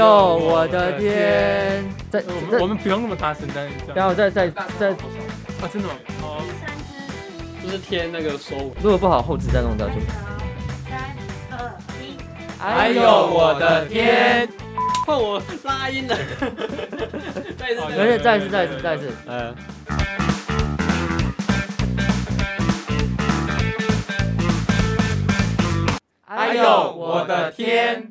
喲，我的天！在我們我們不用那麼大聲，等我再再再，啊，真的嗎？哦，就是天那個手，如果不好，後期再弄掉就好。三二一，哎呦，我的天！換我拉音了，哈哈，再一次，再一次，再一次，再一次，哎。哎呦，我的天！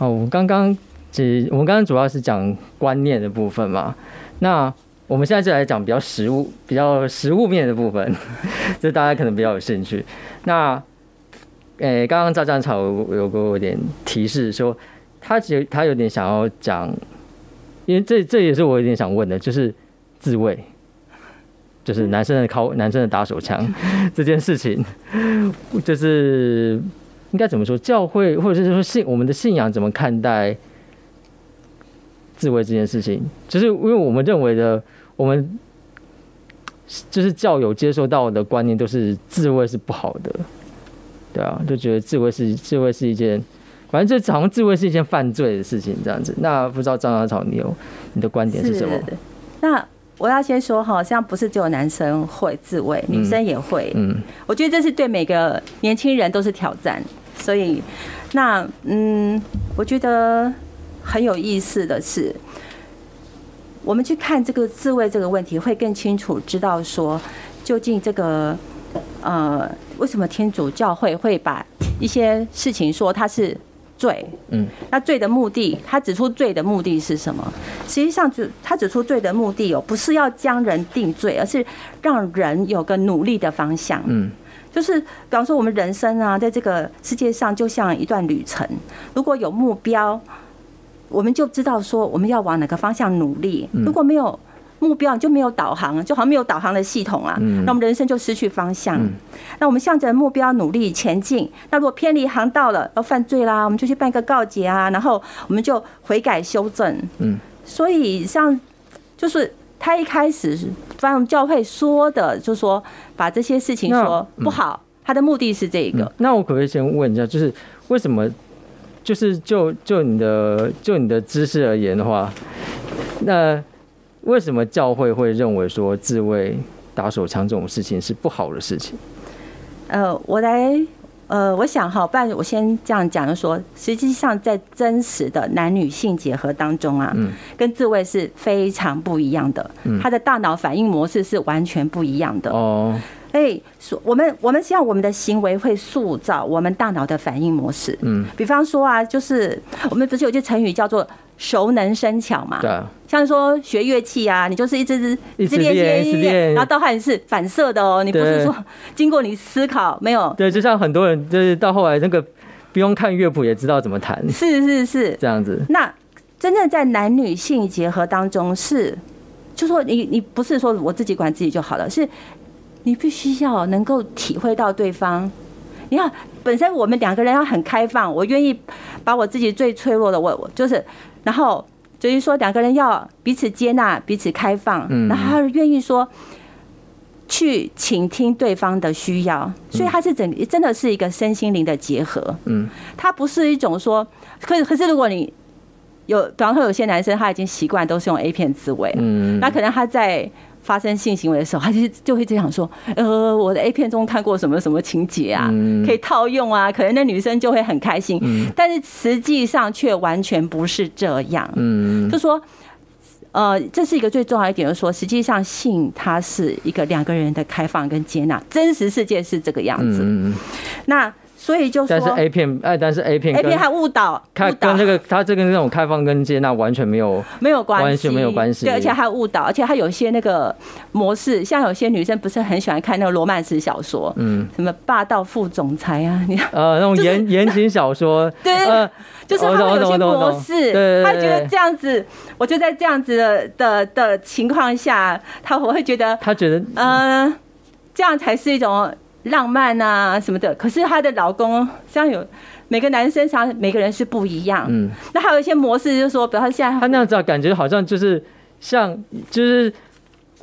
哦，我們剛剛只我們剛剛主要是講觀念的部分嘛，那我們現在就來講比較實務、比較實務面的部分，這大家可能比較有興趣。那，誒、欸，剛剛酢醬草有給我點提示說，說他其實他有點想要講，因為這這也是我有點想問的，就是自慰，就是男生的靠、嗯、男生的打手槍 這件事情，就是。應該怎麼說？教會，或者是說信我們的信仰，怎麼看待自慰這件事情？就是因為我們認為的，我們就是教友接受到的觀念，都是自慰是不好的。對啊，就覺得自慰是自慰是一件，反正就好像自慰是一件犯罪的事情這樣子。那不知道酢醬草，你有你的觀點是什麼、嗯，是？那我要先說哈，像不是只有男生會自慰，女生也會。嗯，我覺得這是對每個年輕人都是挑戰。所以，那嗯，我覺得很有意思的是，我們去看這個自慰這個問題，會更清楚知道說，究竟這個呃，為什麼天主教會會把一些事情說它是罪？嗯，那罪的目的，他指出罪的目的是什麼？實際上，就他指出罪的目的哦，不是要將人定罪，而是讓人有個努力的方向。嗯。就是，比方說我們人生啊，在這個世界上就像一段旅程。如果有目標，我們就知道說我們要往哪個方向努力。如果沒有目標，就沒有導航，就好像沒有導航的系統啊。那我們人生就失去方向。那我們向着目標努力前進。那如果偏離航道了，要犯罪啦，我們就去辦個告解啊，然後我們就悔改修正。嗯，所以像就是。他一開始是讓教會說的，就是說把這些事情說不好，嗯、他的目的是這一個、嗯。那我可不可以先問一下，就是為什麼？就是就就你的就你的知識而言的話，那為什麼教會會認為說自慰打手槍這種事情是不好的事情？呃，我來。呃，我想好，不然我先這樣講，就說，實際上在真實的男女性結合當中啊，嗯，跟自慰是非常不一樣的，嗯，他的大腦反應模式是完全不一樣的，哦，所以，我們我們希望我們的行為會塑造我們大腦的反應模式，嗯，比方說啊，就是我們不是有句成語叫做。熟能生巧嘛，對，像說學樂器啊，你就是一直一直練習，然後到後面是反射的哦、喔，你不是說經過你思考沒有？對，就像很多人就是到後來那個不用看樂譜也知道怎麼彈，是是是這樣子。那真正在男女性結合當中，是就說你你不是說我自己管自己就好了，是你必須要能夠體會到對方。你看，本身我們兩個人要很開放，我願意把我自己最脆弱的，我我就是。然後就是說，兩個人要彼此接納、彼此開放，嗯，然後他願意說去傾聽對方的需要，所以他是整真的是一個身心靈的結合。嗯，他不是一種說，可是可是如果你有比方說有些男生他已經習慣都是用 A 片自慰，嗯，那可能他在。發生性行為的時候，他就就會這樣說：“呃，我在 A 片中看過什麼什麼情節啊，可以套用啊。”可能那女生就會很開心，但是實際上卻完全不是這樣。就說，呃，這是一個最重要一點，就是說，實際上性它是一個兩個人的開放跟接納，真實世界是這個樣子。那。所以就是，但是 A 片哎，但是 A 片 A 片還誤導，看跟這個，它這跟那種開放跟接納完全沒有沒有關係，沒有關係，對，而且它誤導，而且它有些那個模式，像有些女生不是很喜歡看那個羅曼史小說，嗯，什麼霸道副總裁啊，你呃，那種言言情小說，對，就是它有些模式，對，他覺得這樣子，我就在這樣子的的情況下，他我會覺得，他覺得，嗯，這樣才是一種浪漫啊什麼的，可是她的老公像有每個男生像每個人是不一樣。嗯，那還有一些模式，就是說，比如說現在他那樣子感覺好像就是像就是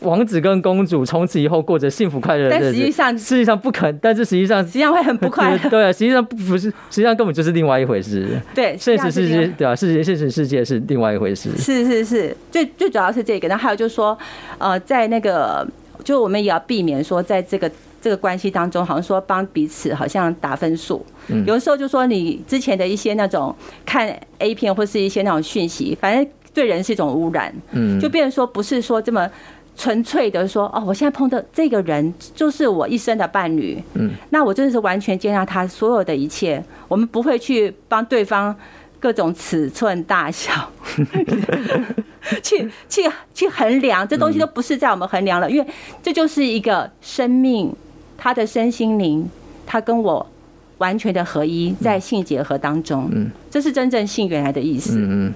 王子跟公主從此以後過着幸福快樂的，但實際上實際上不可能，但是實際上實際上會很不快樂。 對，實際上不是，實際上根本就是另外一回事。對，現實世界，對啊，現實現實世界是另外一回事。是是是，最最主要是這個。然後還有就是說，呃，在那個，就我們也要避免說在這個。這個關係當中，好像說幫彼此好像打分數，嗯、有的時候就說你之前的一些那種看 A 片或是一些那種訊息，反正對人是一種污染，嗯、就變成說不是說這麼純粹的說哦，我現在碰到這個人就是我一生的伴侶，嗯、那我真的是完全接納他所有的一切，我們不會去幫對方各種尺寸大小、嗯、 去去去衡量，這東西都不是在我們衡量了，嗯、因為這就是一個生命。他的身心靈，他跟我完全的合一，在性結合當中，這是真正性原來的意思。嗯。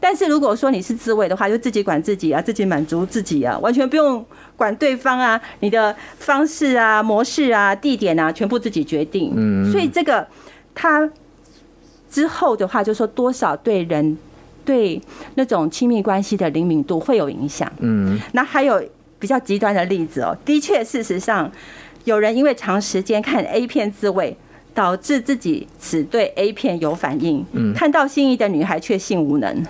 但是如果說你是自慰的話，就自己管自己啊，自己滿足自己啊，完全不用管對方啊，你的方式啊、模式啊、地點啊，全部自己決定。嗯。所以這個他之後的話，就說多少對人對那種親密關係的靈敏度會有影響。嗯。那還有比較極端的例子哦，的確，事實上。有人因為長時間看 A 片自慰，導致自己只對 A 片有反應，嗯、看到心儀的女孩卻性無能，哦、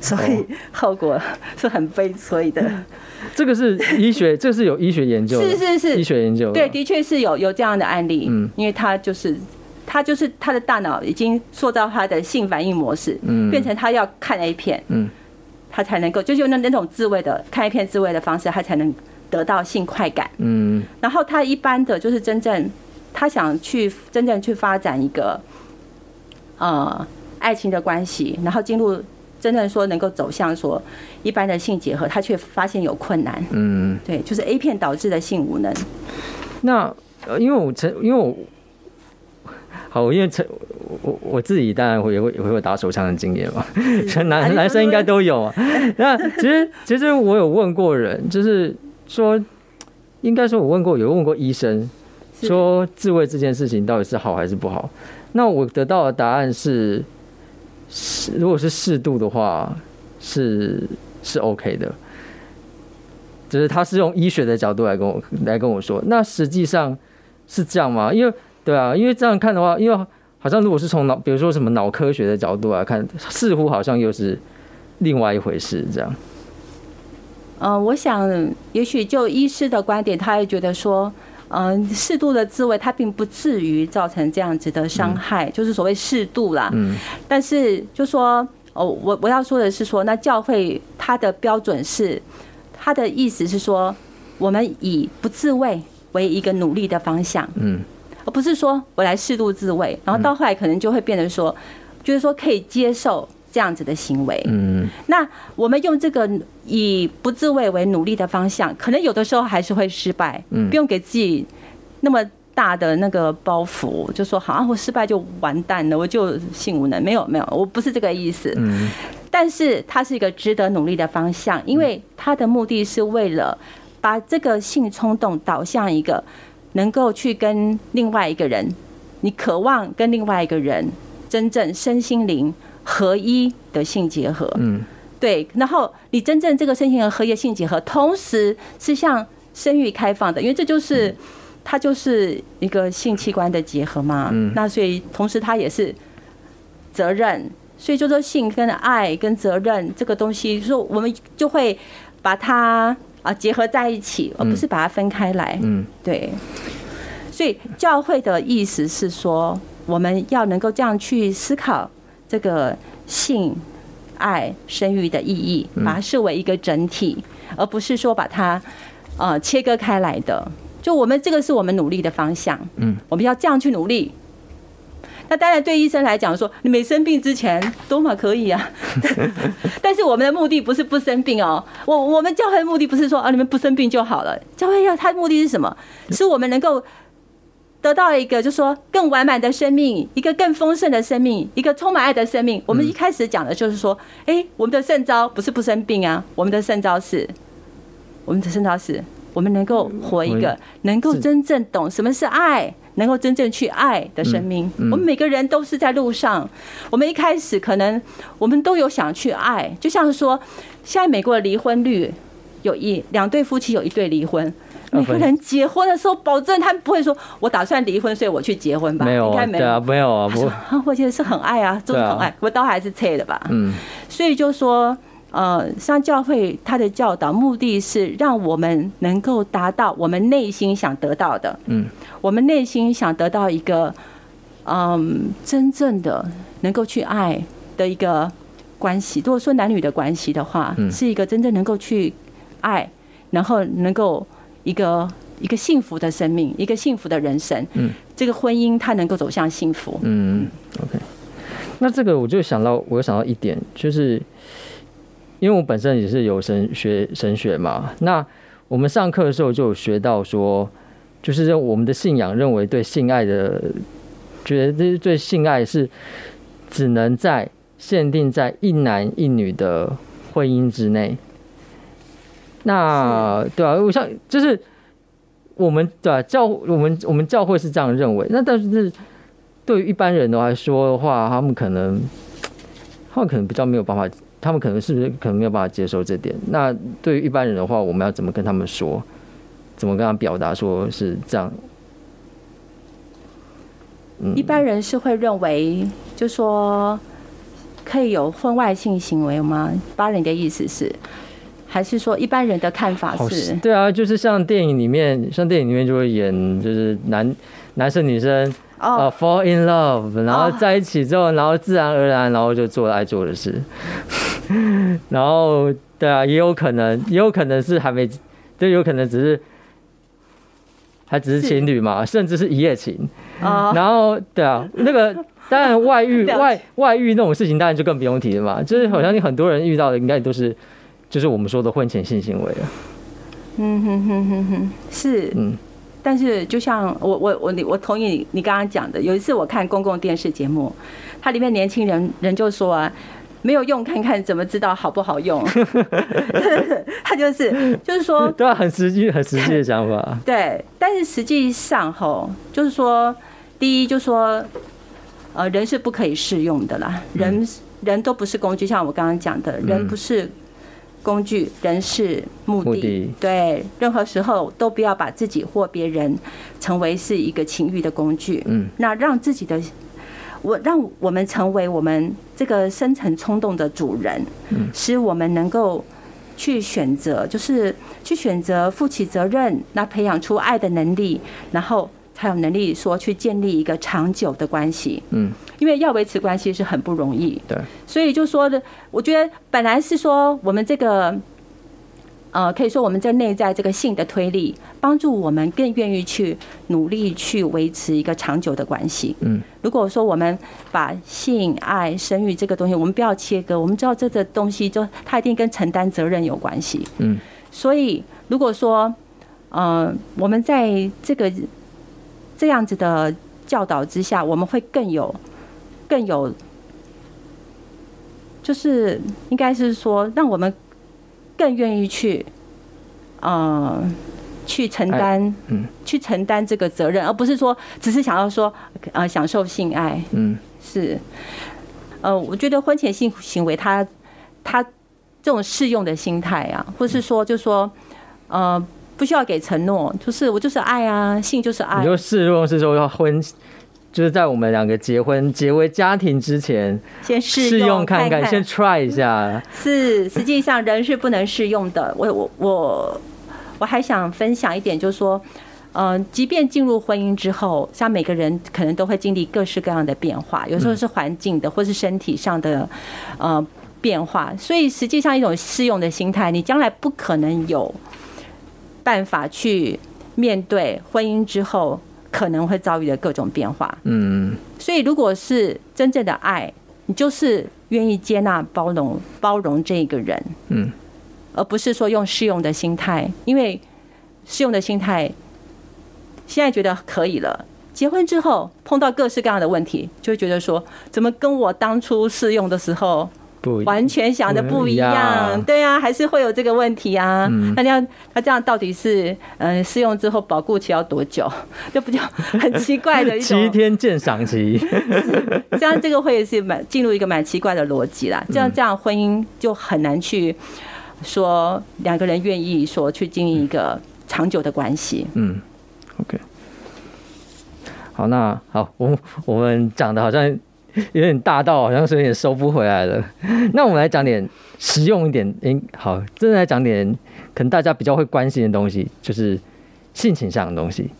所以後果是很悲催的。這個是醫學， 這是有醫學研究，是是是醫學研究。對，的確是有有這樣的案例，嗯，因為他就是他就是他的大腦已經塑造他的性反應模式，嗯，變成他要看 A 片，嗯，他才能夠就用、是、那那種自慰的看 A 片自慰的方式，他才能，得到性快感，嗯，然後他一般的就是真正，他想去真正去發展一個，呃，愛情的關係，然後進入真正說能夠走向說一般的性結合，他卻發現有困難，嗯，對，就是 A 片導致的性無能。嗯、那，呃，因為我曾，因為我，好我，因為曾，我我自己當然也會也會有打手槍的經驗嘛，男男生應該都有啊。那 其實其實我有問過人，就是。說，應該說我問過，有問過醫生，說自慰這件事情到底是好還是不好？那我得到的答案是，如果是適度的話，是是 OK 的。就是他是用醫學的角度來跟我來跟我說，那實際上是這樣嗎？因為對啊，因為這樣看的話，因為好像如果是從腦，比如說什麼腦科學的角度來看，似乎好像又是另外一回事，這樣。嗯、呃，我想，也許就醫師的觀點，他會覺得說，嗯、呃，適度的自慰，他並不至於造成這樣子的傷害，嗯、就是所謂適度啦。嗯。但是，就是，就說哦，我我要說的是說，那教會他的標準是，他的意思是說，我們以不自慰為一個努力的方向。嗯。而不是說我來適度自慰，然後到後來可能就會變成說，嗯、就是說可以接受。這樣子的行為，嗯，那我們用這個以不自慰為努力的方向，可能有的時候還是會失敗，嗯，不用給自己那麼大的那個包袱，就說好啊，我失敗就完蛋了，我就性無能。沒有沒有，我不是這個意思，嗯，但是它是一個值得努力的方向，因為它的目的是為了把這個性衝動導向一個能夠去跟另外一個人，你渴望跟另外一個人真正身心靈。合一的性結合，嗯，對。然後你真正這個身心和合一的性結合，同時是向生育開放的，因為這就是它就是一個性器官的結合嘛，嗯。那所以同時它也是責任，所以就說性跟愛跟責任這個東西，說我們就會把它啊結合在一起，而不是把它分開來，嗯，對。所以教會的意思是說，我們要能夠這樣去思考。這個性愛生育的意義，把它視為一個整體，而不是說把它呃切割開來的。就我們這個是我們努力的方向，嗯，我們要這樣去努力。那當然，對醫生來講說，你沒生病之前多麼可以啊！但是我們的目的不是不生病哦，我我們教會的目的不是說啊你們不生病就好了，教會要它的目的是什麼？是我們能夠。得到一個，就是說更完滿的生命，一個更豐盛的生命，一個充滿愛的生命。我們一開始講的就是說，誒，我們的聖召不是不生病啊，我們的聖召是，我們的聖召是，我們能夠活一個能夠真正懂什麼是愛，能夠真正去愛的生命。我們每個人都是在路上。我們一開始可能我們都有想去愛，就像是說，現在美國的離婚率有一兩對夫妻有一對離婚。每個人結婚的時候，保證他不會說“我打算離婚，所以我去結婚”吧？沒有，沒有，對啊，沒有啊。不是，我覺得是很愛啊，真的很愛。啊，我倒還是切的吧。嗯，所以就說，呃，上教會他的教導目的是讓我們能夠達到我們內心想得到的。嗯，我們內心想得到一個，嗯、呃，真正的能夠去愛的一個關係。如果說男女的關係的話，是一個真正能夠去愛，然後能夠。一個一個幸福的生命，一個幸福的人生。嗯，這個婚姻它能夠走向幸福。嗯，OK。那這個我就想到，我有想到一點，就是因為我本身也是有神學神學嘛。那我們上課的時候就有學到說，就是認我們的信仰認為對性愛的，覺得這是對性愛是只能在限定在一男一女的婚姻之內。那是對啊，我想就是我們對、啊、教我們我們教會是這樣認為。那但是對於一般人都來說的話，他們可能他們可能比較沒有辦法，他們可能是不是可能沒有辦法接受這點？那對於一般人的話，我們要怎麼跟他們說？怎麼跟他表達說是這樣？嗯、一般人是會認為，就說可以有婚外性行為嗎？芭樂的意思是。還是說一般人的看法是，oh, 是？對啊，就是像電影裡面，像電影裡面就會演，就是男男生女生啊、oh, uh,，fall in love，oh. 然後在一起之後，然後自然而然，然後就做愛做的事。 然後對啊，也有可能，也有可能是還沒，就有可能只是還只是情侶嘛，是甚至是一夜情，oh. 然後對啊，那個當然外遇 外外遇那種事情，當然就更不用提了嘛。就是好像你很多人遇到的，應該都是。就是我們說的婚前性行為啊，嗯哼哼哼哼，是，嗯，但是就像我我我你我同意你剛剛講的，有一次我看公共電視節目，它裡面年輕人人就說啊，沒有用，看看怎麼知道好不好用， 他就是就是說， 對啊，很實際很實際的想法， 對，但是實際上吼，就是說，第一就是說，呃，人是不可以試用的啦，嗯、人人都不是工具，像我剛剛講的，人不是。工具、人是、目的，對，任何時候都不要把自己或別人成為是一個情欲的工具。嗯，那讓自己的，我讓我們成為我們這個深層衝動的主人，使我們能夠去選擇，就是去選擇負起責任，那培養出愛的能力，然後才有能力說去建立一個長久的關係。嗯。因為要維持關係是很不容易，對，所以就說的，我覺得本來是說我們這個，呃，可以說我們在內在這個性的推力，幫助我們更願意去努力去維持一個長久的關係。嗯，如果說我們把性愛生育這個東西，我們不要切割，我們知道這個東西就它一定跟承擔責任有關係。嗯，所以如果說，呃，我們在這個這樣子的教導之下，我們會更有。更有，就是應該是說，讓我們更願意去，嗯，去承擔，嗯，去承擔這個責任，而不是說只是想要說，呃，享受性愛，嗯，是，呃，我覺得婚前性行為，他他這種試用的心態啊，或是說就是說，呃，不需要給承諾，就是我就是愛啊，性就是愛，呃啊、你就試用是說要婚。就是在我們兩個結婚、結為家庭之前，先試試用看看，先，先 try 一下、嗯。是，實際上人是不能試用的。我、 我、我，我還想分享一點，就是說，嗯、呃，即便進入婚姻之後，像每個人可能都會經歷各式各樣的變化，有時候是環境的，或是身體上的、嗯、呃變化。所以實際上一種試用的心態，你將來不可能有辦法去面對婚姻之後。可能會遭遇的各種變化，嗯，所以如果是真正的愛，你就是願意接納、包容、包容這一個人，嗯，而不是說用試用的心態，因為試用的心態，現在覺得可以了，結婚之後碰到各式各樣的問題，就會覺得說怎麼跟我當初試用的時候。不完全想的不一樣，嗯、呀對呀、啊，還是會有這個問題啊？那、嗯、這樣，那這樣到底是，嗯、呃，試用之後保固期要多久？這 不就很奇怪的一種？七天鑑賞期。 這樣這個會是蠻進入一個蠻奇怪的邏輯啦。這樣、嗯、這樣婚姻就很難去說兩個人願意說去經營一個長久的關係。嗯，OK。好，那好，我我們講的好像。有點大到，好像有點收不回來了。 那我們來講點實用一點，哎、欸，好，真的來講點可能大家比較會關心的東西，就是性傾向的東西，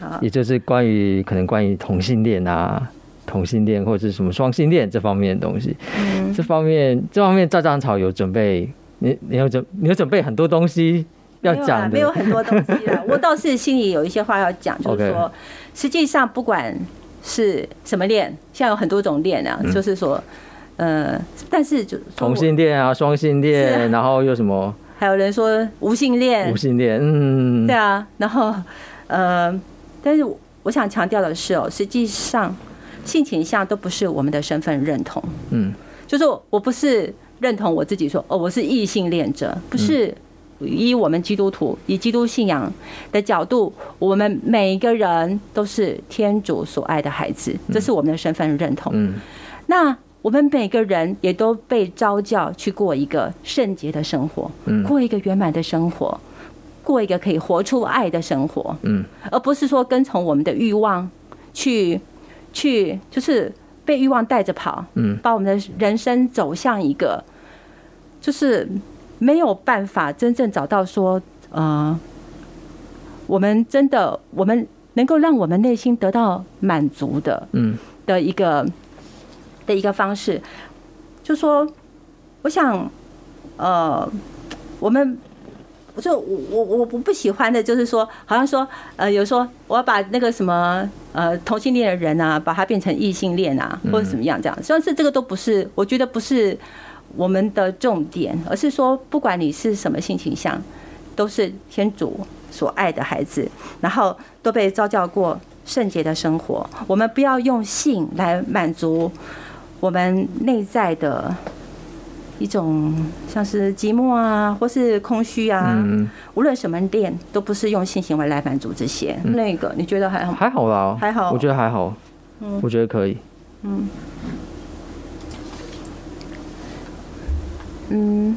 好也就是關於可能關於同性戀啊、同性戀或者是什麼雙性戀這方面的東西。嗯這方面，這方面這方面酢醬草有準備，你你有準，你有準備很多東西要講沒？啊、沒有很多東西啊， 我倒是心裡有一些話要講， 就是說，Okay 實際上不管。是什麼戀？現在有很多種戀啊，就是說，呃，但是就同性戀啊，雙性戀，然後又什麼？還有人說無性戀。無性戀，嗯，對啊。然後，呃，但是我想強調的是哦、喔，實際上性傾向都不是我們的身份認同。嗯，就是我我不是認同我自己說哦，我是異性戀者，不是。以我們基督徒，以基督信仰的角度，我們每一個人都是天主所愛的孩子，這是我們的身份認同。嗯，那我們每個人也都被召叫去過一個聖潔的生活，嗯、過一個圓滿的生活，過一個可以活出愛的生活。嗯，而不是說跟從我們的欲望去去，就是被欲望帶着跑。嗯，把我們的人生走向一個就是。沒有辦法真正找到說，呃，我們真的我們能夠讓我們內心得到滿足的，嗯，的一個的一個方式，就說，我想，呃，我們，我就我我我不喜歡的就是說，好像說，呃，有說我要把那個什麼，呃，同性戀的人啊，把他變成異性戀啊，嗯、哼或者怎麼樣這樣，雖然是這個都不是，我覺得不是。我們的重點，而是說，不管你是什麼性傾向，都是天主所愛的孩子，然後都被召叫過聖潔的生活。我們不要用性來滿足我們內在的一種像是寂寞啊，或是空虛啊。嗯、無論什麼戀，都不是用性行為來滿足這些。嗯、那個，你覺得還好？還好啦，還好。我覺得還好。我覺得可以。嗯。嗯嗯，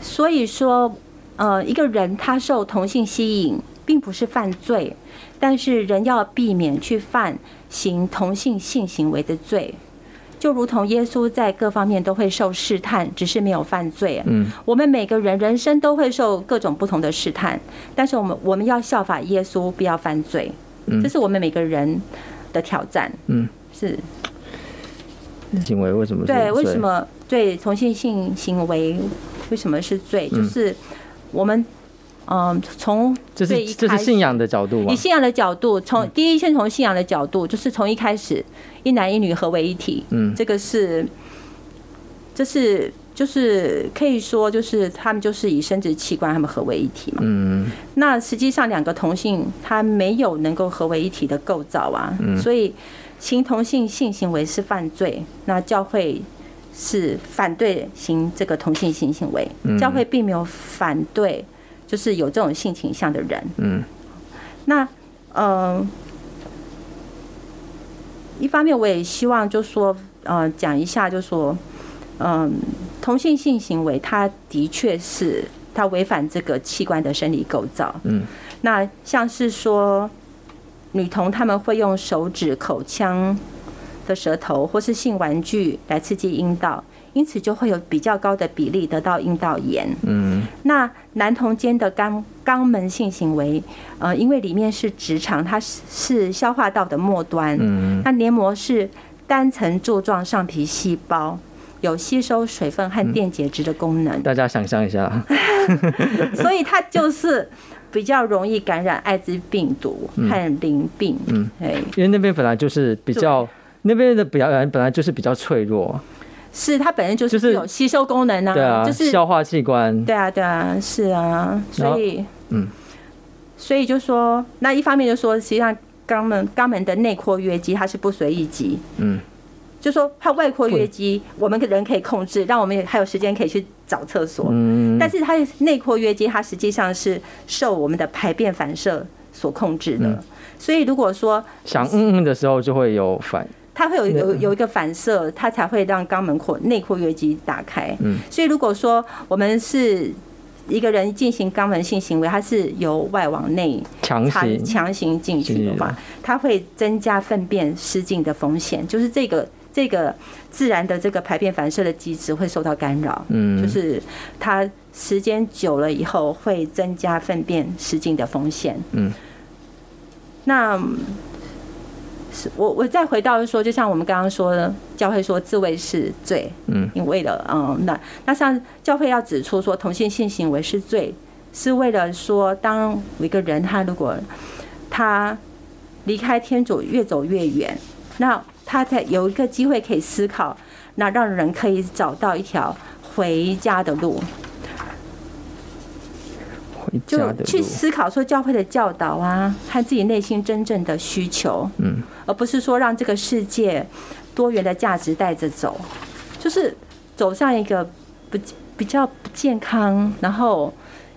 所以說，呃，一個人他受同性吸引，並不是犯罪，但是人要避免去犯行同性性行為的罪，就如同耶穌在各方面都會受試探，只是沒有犯罪。嗯，我們每個人人生都會受各種不同的試探，但是我們我們要效法耶穌，不要犯罪，這是我們每個人的挑戰。嗯，是。行為為什麼是罪？對？為什麼對同性性行為，為什麼是罪？就是我們，嗯、呃，從這，這，這是信仰的角度吧。以信仰的角度，從第一，先從信仰的角度，就是從一開始，一男一女合為一體，嗯，這個是，這是就是可以說，就是他們就是以生殖器官他們合為一體嘛，嗯，那實際上兩個同性他沒有能夠合為一體的構造啊，嗯，所以。行同性性行為是犯罪，那教會是反對行這個同性性行為，嗯、教會並沒有反對，就是有這種性傾向的人。嗯，那嗯、呃，一方面我也希望就說，呃，講一下就說，嗯、呃，同性性行為，它的確是它違反這個器官的生理構造。嗯，那像是說。女同她們會用手指、口腔的舌頭或是性玩具來刺激陰道，因此就會有比較高的比例得到陰道炎。嗯，那男同間的肛肛門性行為，呃，因為裡面是直腸，它是消化道的末端，嗯，它黏膜是單層柱狀上皮細胞，有吸收水分和電解質的功能。嗯，大家想象一下， 所以它就是。比較容易感染艾滋病毒和淋病嗯。嗯，對因為那邊本來就是比較對那邊的表演本來就是比較脆弱。是，它本身就是有吸收功能啊，就是消化器官。對啊，對啊，是啊，所以嗯，所以就說，那一方面就說，實際上肛門肛門的內括約肌它是不隨意肌。嗯。就是說它外擴約肌，我們個人可以控制，讓我們還有時間可以去找廁所。嗯。但是它內擴約肌，它實際上是受我們的排便反射所控制的。所以如果說想嗯嗯的時候，就會有反，它會有有有一個反射，它才會讓肛門擴內擴約肌打開。嗯。所以如果說我們是一個人進行肛門性行為，它是由外往內強行強行進去的話，它會增加糞便失禁的風險。就是這個。這個自然的這個排便反射的機制會受到干擾，嗯，就是它時間久了以後會增加糞便失禁的風險，嗯。那我我再回到說，就像我們剛剛說，教會說自慰是罪，因為了嗯，那那像教會要指出說同性性行為是罪，是為了說當一個人他如果他離開天主越走越遠，那。他才有一個機會可以思考，那讓人可以找到一條回家的路，回家的路。就去思考說教會的教導啊，和自己內心真正的需求，嗯，而不是說讓這個世界多元的價值帶着走，就是走上一個不比較不健康，然後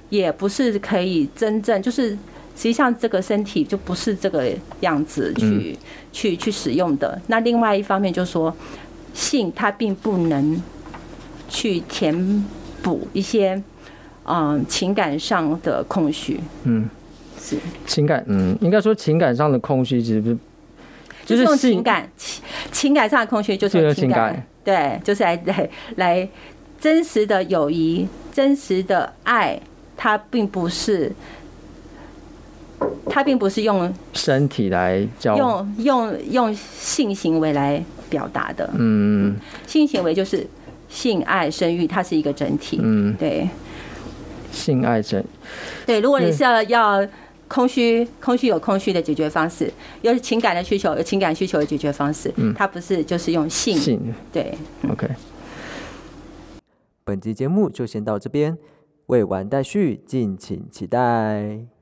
也不是可以真正就是。實際上，這個身體就不是這個樣子去、嗯、去去使用的。那另外一方面就是說，就說性它並不能去填補一些嗯、呃、情感上的空虛、嗯是。嗯，是情感嗯，應該說情感上的空虛，其實不是就是用情感情情感上的空虛，就是情感，是情感對，就是來來來真實的友誼、真實的愛，它並不是。它並不是用，用身體來教，用用用性行為來表達的。嗯，嗯，性行為就是性愛、生育，它是一個整體。嗯，對。性愛生。對，如果你是要為要空虛，空虛有空虛的解決方式，有情感的需求，有情感需求的解決方式。嗯，它不是就是用性。性。對。嗯、OK。本集節目就先到這邊，未完待續，敬請期待。